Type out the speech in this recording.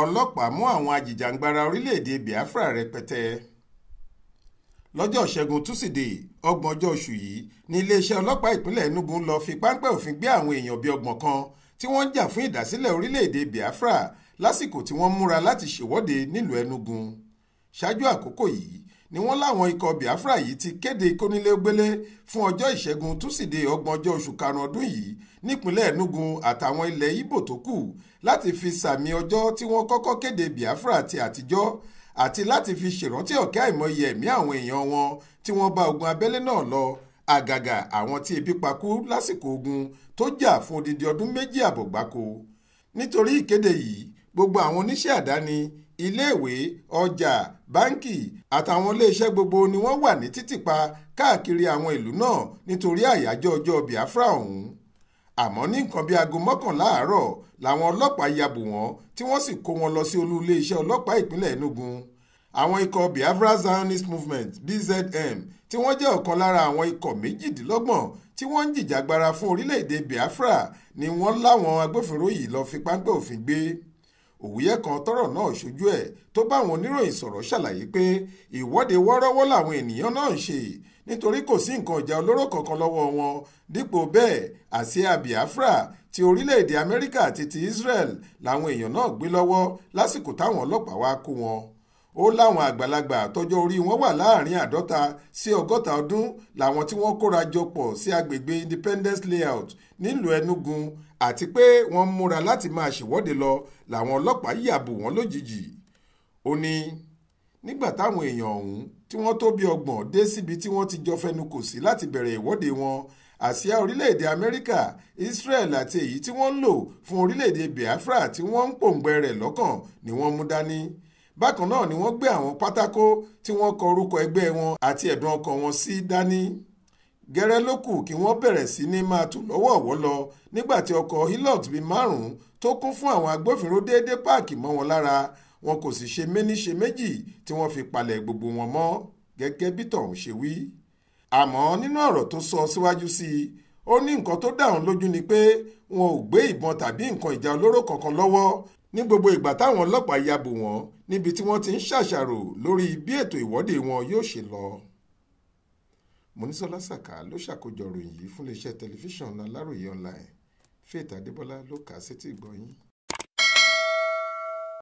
ọlọ́pàá mú àwọn ajìjàǹgbara orílẹ̀-èdè Biafra rẹpẹtẹ lọ́jọ́ ṣẹ́gun túsídẹ̀ẹ́ ọgbọ̀njọ́ oṣù yìí ní iléeṣẹ́ ọlọ́pàá ìpínlẹ̀ Enugu lọ fi páńpẹ́ òfin gbé àwọn èèyàn bíi ọgbọ̀n kan tí wọ́n ń jà fún ìdásílẹ̀ orílẹ̀-èdè Biafra lásìkò tí wọ́n múra láti ṣèwọ́de nílùú Enugu ṣáájú àkókò yìí ni wọ́n láwọn ikọ̀ Biafra yìí ti kéde kónílégbélé fún ọjọ́ ìṣẹ́gun túsìdeè ọgbọ̀njọ́ oṣù karùn-ún ọdún yìí nípínlẹ̀ Enugu àtàwọn ilẹ̀ Ìbò tó kù láti fi sàmì ọjọ́ tí wọ́n kọ́kọ́ kéde Biafra ti àtijọ́ àti láti fi ṣèrántí ọ̀kẹ́ àìmọye ẹ̀mí àwọn èèyàn wọn tí wọ́n bá ogun abẹ́lé náà lọ àgàgà àwọn tí ebi pakú lásìkò ogun tó jà fún odidi ọdún méjì àbọ̀ gbáko nítorí ìkéde yìí gbogbo àwọn oníṣẹ́ àdáni iléèwé ọjà báńkì àtàwọn iléeṣẹ́ gbogbo ni wọ́n wà ní títìpa káàkiri àwọn ìlú náà nítorí àyájọ́ ọjọ́ Biafra ọ̀hún àmọ́ ní nǹkan bíi aago mọ́kànlá àárọ̀ làwọn ọlọ́pàá ya bò wọ́n tí wọ́n sì kó wọn lọ sí olú iléeṣẹ́ ọlọ́pàá ìpínlẹ̀ Enugu àwọn ikọ̀ Biafra Zionist Movement BZM tí wọ́n jẹ́ ọ̀kan lára àwọn ikọ̀ méjìdínlọ́gbọ̀n tí wọ́n ń jìjàgbara fún orílẹ̀ Biafra ni wọ́n láwọn agbófinró yìí lọ fi páńpẹ́ òfin gbé òwúyẹ kan tọ́rọ̀ náà ṣojú ẹ̀ tó bá àwọn oníròyìn sọ̀rọ̀ ṣàlàyé pé ìwọ́de wọ́ọ́rọ́wọ́ làwọn ènìyàn náà ń ṣe nítorí kò sí nǹkan ìjà olóró kankan lọ́wọ́ wọn dípò bẹ́ẹ̀ àsíá Biafra ti orílẹ̀-èdè àti ti Israel làwọn èèyàn náà gbé lọ́wọ́ lásìkò táwọn ọlọ́pàá wá kó wọn ó láwọn àgbàlagbà tọjọ́ orí wọn wà láàrin àádọ́ta sí ọgọ́ta ọdún làwọn tí wọ́n kóra jọ pọ̀ sí agbègbè Independence Layout nílùú Enugu àti pé wọ́n múra láti máa ṣèwọ́de lọ làwọn ọlọ́pàá yà bò wọ́n lójijì ó ní nígbà táwọn èèyàn ọ̀hún tí wọ́n tó bí ọgbọ̀n dé síbi tí wọ́n ti jọ fẹnukò sí láti bẹ̀rẹ̀ ìwọ́de wọn àsíá orílẹ̀-èdè amẹ́ríkà israel àti èyí tí wọ́n ń lò fún orílẹ̀-èdè biafra tí wọ́n ń pòǹgbẹ rẹ̀ lọ́kàn ni wọ́n mú dání bákan náà ni wọ́n gbé àwọn pátákó tí wọ́n kọ orúkọ ẹgbẹ́ wọn àti ẹ̀dùn ọkàn wọn sí dání gẹ́rẹ́ ló kù kí wọ́n bẹ̀rẹ̀ sí ní máa tò lọ́wọ̀ọ̀wọ́ lọ nígbà tí ọkọ̀ hilux bíi márùn-ún tó kún fún àwọn agbófinró déédé páàkì mọ́ wọn lára wọn kò sì ṣe méní ṣe méjì tí wọ́n fi palẹ̀ gbogbo wọn mọ́ gẹ́gẹ́ bí tọ̀hún ṣe wí. àmọ́ nínú ọ̀rọ̀ tó sọ síwájú sí i ó ní nǹkan tó dá òun lójú ni pé wọn ò gbé ìbọn tàbí nǹkan ìjà olóró kankan lọ́wọ́ ní gbogbo ìgbà táwọn ọlọ́pàá ya bò wọ́n níbi tí wọ́n ti ń ṣàṣàrò lórí bí ètò ìwọ́de wọn yóò ṣe lọ. Mọ́nísọ́lá Sàká ló ṣàkójọ ròyìn yìí fún iléeṣẹ́ tẹlifíṣàn Aláròye online Faith Adébọ́lá ló kà á sétí ìgbọ́